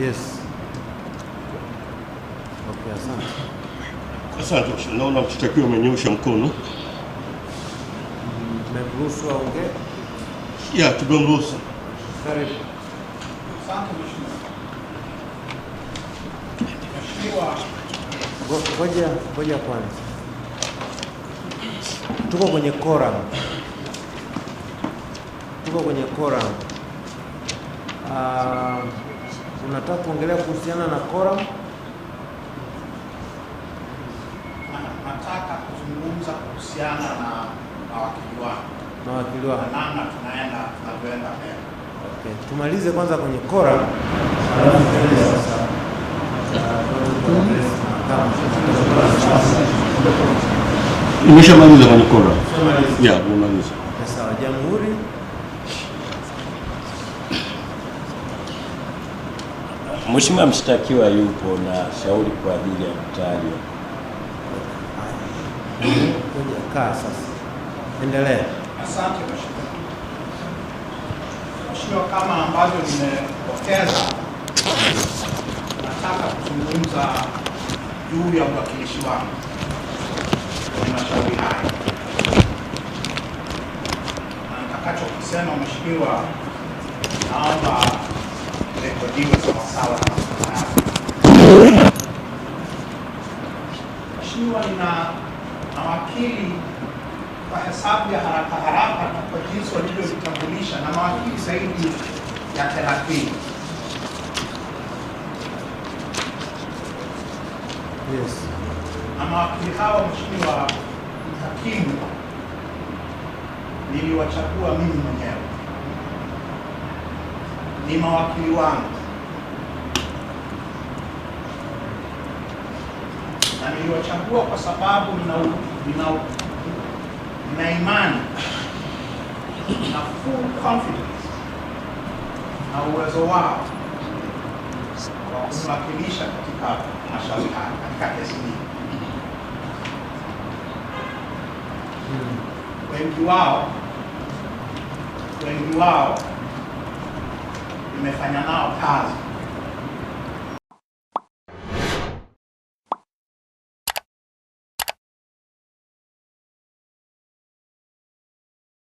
Yes. Okay, asante. Asante, naona mshtakiwa amenyoosha mkono. Tumemruhusu mm, aongee? Yeah, tumemruhusu. Karibu. Asante mheshimiwa. Ngoja, ngoja kwanza. Tuko kwenye kora. Tuko kwenye quorum. Uh, unataka kuongelea kuhusiana na koram? Nataka kuzungumza kuhusiana na mawakili wangu mawakili wangu, namna tunaenda tunavyoenda mbele. Okay, tumalize kwanza kwenye koram Nimeshamaliza kwenye quorum. Yeah, umaliza sawa. Jamhuri Mheshimiwa mshtakiwa yupo na shauri kwa ajili ya mtaji. Kaa sasa. Endelea. Asante mheshimiwa. Mheshimiwa, kama ambavyo nimepokeza, nataka kuzungumza juu ya uwakilishi wangu kwenye mashauri haya, na nitakachokisema mheshimiwa, naomba kujibu Mheshimiwa, nina mawakili kwa hesabu ya haraka haraka na kwa jinsi walivyojitambulisha na mawakili zaidi ya thelathini. Yes. Na mawakili hawa Mheshimiwa Hakimu, niliwachagua mimi mwenyewe ni mawakili wangu na niliwachagua kwa sababu nina nina imani na full confidence na uwezo wao wa kuwakilisha katika mashauri haya katika kesi hii. Wengi wao wengi wao Tumefanyanao kazi